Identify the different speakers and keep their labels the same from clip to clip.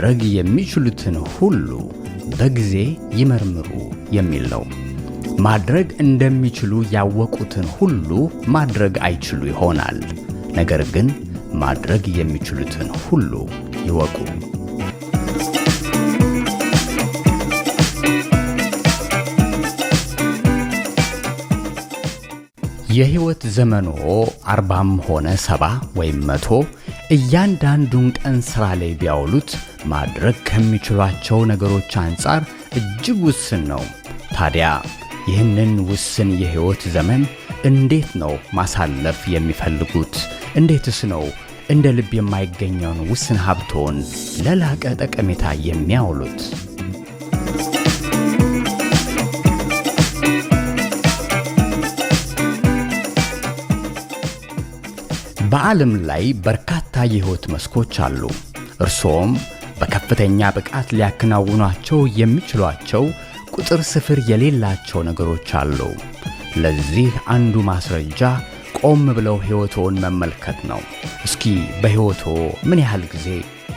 Speaker 1: ማድረግ የሚችሉትን ሁሉ በጊዜ ይመርምሩ የሚል ነው። ማድረግ እንደሚችሉ ያወቁትን ሁሉ ማድረግ አይችሉ ይሆናል። ነገር ግን ማድረግ የሚችሉትን ሁሉ ይወቁ። የሕይወት ዘመኖ አርባም ሆነ ሰባ ወይም መቶ እያንዳንዱን ቀን ሥራ ላይ ቢያውሉት ማድረግ ከሚችሏቸው ነገሮች አንጻር እጅግ ውስን ነው። ታዲያ ይህንን ውስን የሕይወት ዘመን እንዴት ነው ማሳለፍ የሚፈልጉት? እንዴትስ ነው እንደ ልብ የማይገኘውን ውስን ሀብቶን ለላቀ ጠቀሜታ የሚያውሉት? በዓለም ላይ በርካታ የህይወት መስኮች አሉ። እርሶም በከፍተኛ ብቃት ሊያከናውኗቸው የሚችሏቸው ቁጥር ስፍር የሌላቸው ነገሮች አሉ። ለዚህ አንዱ ማስረጃ ቆም ብለው ሕይወቶን መመልከት ነው። እስኪ በሕይወቶ ምን ያህል ጊዜ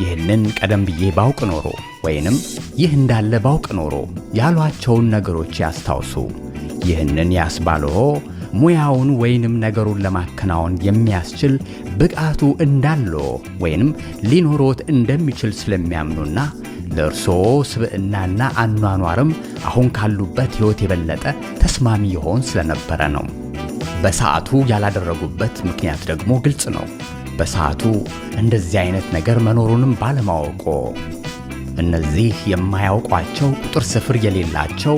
Speaker 1: ይህንን ቀደም ብዬ ባውቅ ኖሮ ወይንም ይህ እንዳለ ባውቅ ኖሮ ያሏቸውን ነገሮች ያስታውሱ። ይህንን ያስባልዎ ሙያውን ወይንም ነገሩን ለማከናወን የሚያስችል ብቃቱ እንዳለ ወይንም ሊኖሮት እንደሚችል ስለሚያምኑና ለእርስዎ ስብዕናና አኗኗርም አሁን ካሉበት ሕይወት የበለጠ ተስማሚ ይሆን ስለነበረ ነው። በሰዓቱ ያላደረጉበት ምክንያት ደግሞ ግልጽ ነው። በሰዓቱ እንደዚህ አይነት ነገር መኖሩንም ባለማወቆ እነዚህ የማያውቋቸው ቁጥር ስፍር የሌላቸው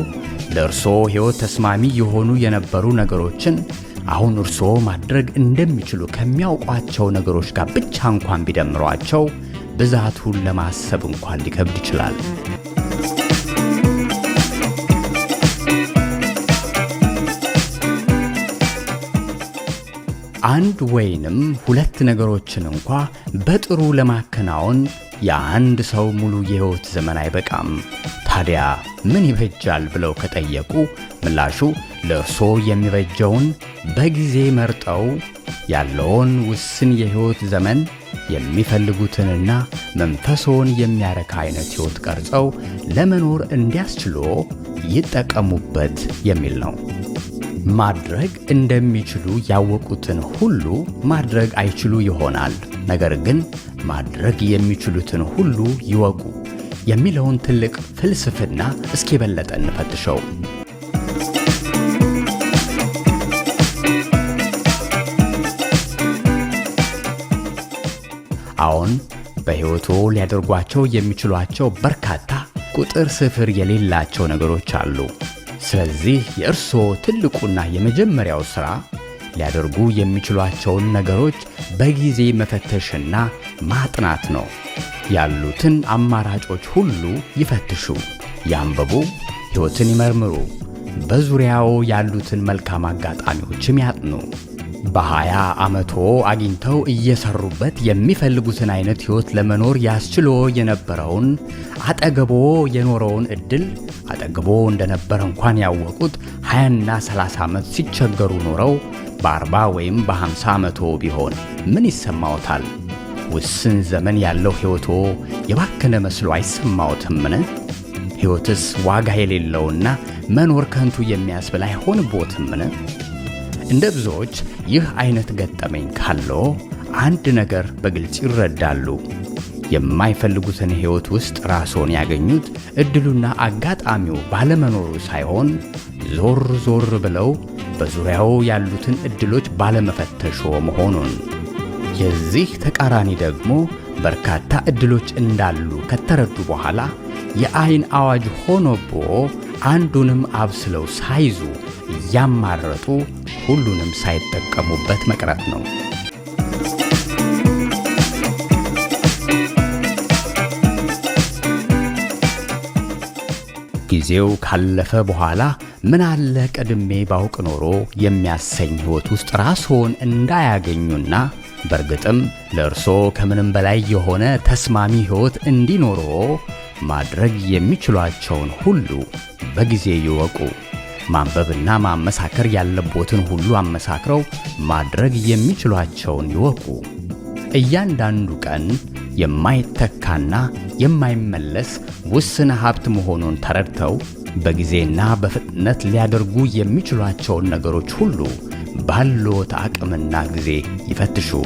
Speaker 1: ለእርስዎ ሕይወት ተስማሚ የሆኑ የነበሩ ነገሮችን አሁን እርስዎ ማድረግ እንደሚችሉ ከሚያውቋቸው ነገሮች ጋር ብቻ እንኳን ቢደምሯቸው ብዛቱን ለማሰብ እንኳን ሊከብድ ይችላል። አንድ ወይንም ሁለት ነገሮችን እንኳ በጥሩ ለማከናወን የአንድ ሰው ሙሉ የሕይወት ዘመን አይበቃም። ታዲያ ምን ይበጃል ብለው ከጠየቁ ምላሹ ለእርሶ የሚበጀውን በጊዜ መርጠው ያለውን ውስን የሕይወት ዘመን የሚፈልጉትንና መንፈሶን የሚያረካ አይነት ሕይወት ቀርጸው ለመኖር እንዲያስችሎ ይጠቀሙበት የሚል ነው። ማድረግ እንደሚችሉ ያወቁትን ሁሉ ማድረግ አይችሉ ይሆናል። ነገር ግን ማድረግ የሚችሉትን ሁሉ ይወቁ። የሚለውን ትልቅ ፍልስፍና እስኪ የበለጠ እንፈትሸው። አሁን በሕይወቱ ሊያደርጓቸው የሚችሏቸው በርካታ ቁጥር ስፍር የሌላቸው ነገሮች አሉ። ስለዚህ የእርስዎ ትልቁና የመጀመሪያው ሥራ ሊያደርጉ የሚችሏቸውን ነገሮች በጊዜ መፈተሽና ማጥናት ነው። ያሉትን አማራጮች ሁሉ ይፈትሹ፣ ያንብቡ፣ ሕይወትን ይመርምሩ። በዙሪያው ያሉትን መልካም አጋጣሚዎችም ያጥኑ። በሃያ ዓመቶ አግኝተው እየሰሩበት የሚፈልጉትን አይነት ሕይወት ለመኖር ያስችሎ የነበረውን አጠገቦ የኖረውን ዕድል አጠገቦ እንደነበረ እንኳን ያወቁት ሀያና ሰላሳ ዓመት ሲቸገሩ ኖረው በአርባ ወይም በሃምሳ ዓመቶ ቢሆን ምን ይሰማዎታል? ውስን ዘመን ያለው ሕይወቶ የባከነ መስሎ አይሰማዎትምን? ሕይወትስ ዋጋ የሌለውና መኖር ከንቱ የሚያስብል አይሆንብዎትምን? እንደ ብዙዎች ይህ አይነት ገጠመኝ ካለው አንድ ነገር በግልጽ ይረዳሉ። የማይፈልጉትን ሕይወት ውስጥ ራስዎን ያገኙት ዕድሉና አጋጣሚው ባለመኖሩ ሳይሆን ዞር ዞር ብለው በዙሪያው ያሉትን ዕድሎች ባለመፈተሾ መሆኑን፣ የዚህ ተቃራኒ ደግሞ በርካታ ዕድሎች እንዳሉ ከተረዱ በኋላ የአይን አዋጅ ሆኖቦ አንዱንም አብስለው ሳይዙ እያማረጡ ሁሉንም ሳይጠቀሙበት መቅረት ነው። ጊዜው ካለፈ በኋላ ምናለ ቀድሜ ባውቅ ኖሮ የሚያሰኝ ሕይወት ውስጥ ራስዎን እንዳያገኙና በእርግጥም ለእርሶ ከምንም በላይ የሆነ ተስማሚ ሕይወት እንዲኖሮ ማድረግ የሚችሏቸውን ሁሉ በጊዜ ይወቁ። ማንበብና ማመሳከር ያለቦትን ሁሉ አመሳክረው ማድረግ የሚችሏቸውን ይወቁ። እያንዳንዱ ቀን የማይተካና የማይመለስ ውስን ሀብት መሆኑን ተረድተው በጊዜና በፍጥነት ሊያደርጉ የሚችሏቸውን ነገሮች ሁሉ ባሎ አቅምና ጊዜ ይፈትሹ።